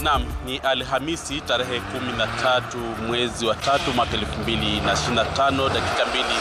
Naam, ni Alhamisi tarehe 13 mwezi wa tatu mwaka 2025 dakika mbili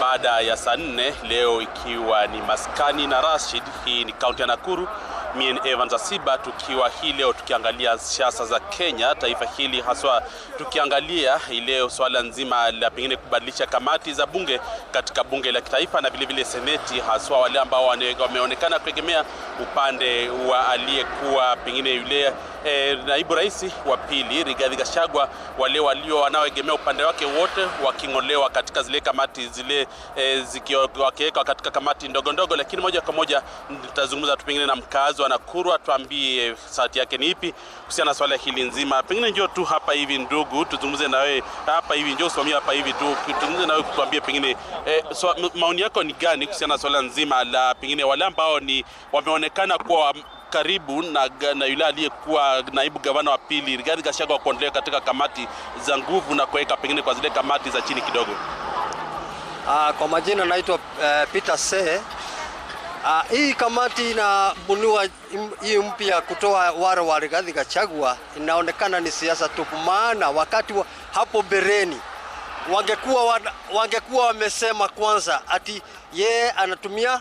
baada ya saa nne, leo ikiwa ni maskani na Rashid. Hii ni kaunti ya Nakuru Mie ni Evans Asiba, tukiwa hii leo tukiangalia siasa za Kenya, taifa hili haswa, tukiangalia ile swala nzima la pengine kubadilisha kamati za bunge katika bunge la kitaifa na vilevile seneti, haswa wale ambao wameonekana kuegemea upande wa aliyekuwa pengine yule E, naibu rais wa pili Rigathi Gachagua, wale walio wanaoegemea upande wake wote waking'olewa katika zile kamati zile, e, eh, zikiwekwa katika kamati ndogo ndogo, lakini moja kwa moja nitazungumza tu pengine na mkazi wa Nakurwa tuambie sauti yake ni ipi kuhusiana na swala hili nzima. Pengine njoo tu hapa hivi, ndugu, tuzungumze na wewe hapa hivi, njoo usimamie hapa hivi tu, tuzungumze na wewe, kutuambie pengine eh, so, maoni yako ni gani kuhusiana na swala nzima la pengine wale ambao ni wameonekana kuwa karibu na, na yule aliyekuwa naibu gavana wa pili Rigathi Gachagua kuondolewa katika kamati za nguvu na kuweka pengine kwa zile kamati za chini kidogo. Aa, ah, kwa majina naitwa uh, Peter Sehe Uh, hii kamati inabuniwa hii mpya kutoa wale wa Gachagua inaonekana ni siasa tupu, maana wakati wa, hapo bereni wangekuwa wangekuwa wamesema kwanza ati ye anatumia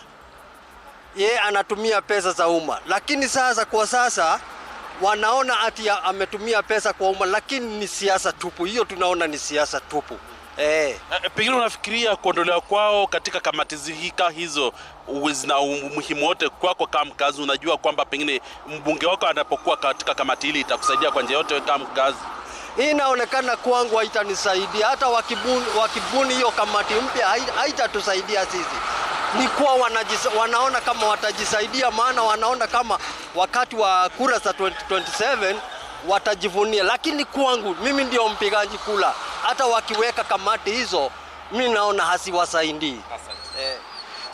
ye anatumia pesa za umma, lakini sasa kwa sasa wanaona ati ametumia pesa kwa umma, lakini ni siasa tupu. Hiyo tunaona ni siasa tupu. Eh. Eh, eh. Pengine unafikiria kuondolewa kwao katika kamati zika hizo zina umuhimu wote kwako kama mkazi? Unajua kwamba pengine mbunge wako anapokuwa katika kamati hili itakusaidia kwa njia yote kama mkazi. Hii inaonekana kwangu haitanisaidia hata wakibuni, wakibuni hiyo kamati mpya haitatusaidia sisi. Ni kuwa wanaona kama watajisaidia, maana wanaona kama wakati wa kura za 2027 watajivunia, lakini kwangu mimi ndio mpigaji kula hata wakiweka kamati hizo, mi naona haziwasaidii.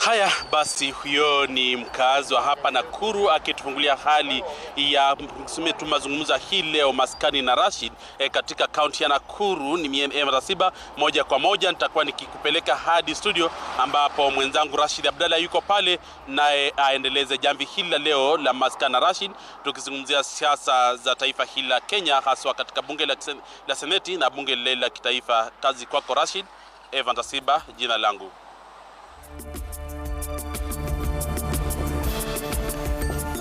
Haya basi, huyo ni mkazi wa hapa Nakuru akitufungulia hali ya mazungumzo hii leo maskani na Rashid e, katika kaunti ya Nakuru. Ni mimi eh, Rasiba, moja kwa moja nitakuwa nikikupeleka hadi studio ambapo mwenzangu Rashid Abdalla yuko pale, naye aendeleze jamvi hili la leo la maskani na Rashid, tukizungumzia siasa za taifa hili la Kenya, haswa katika bunge la seneti na bunge lile la kitaifa. Kazi kwako Rashid. Evan Tasiba jina langu.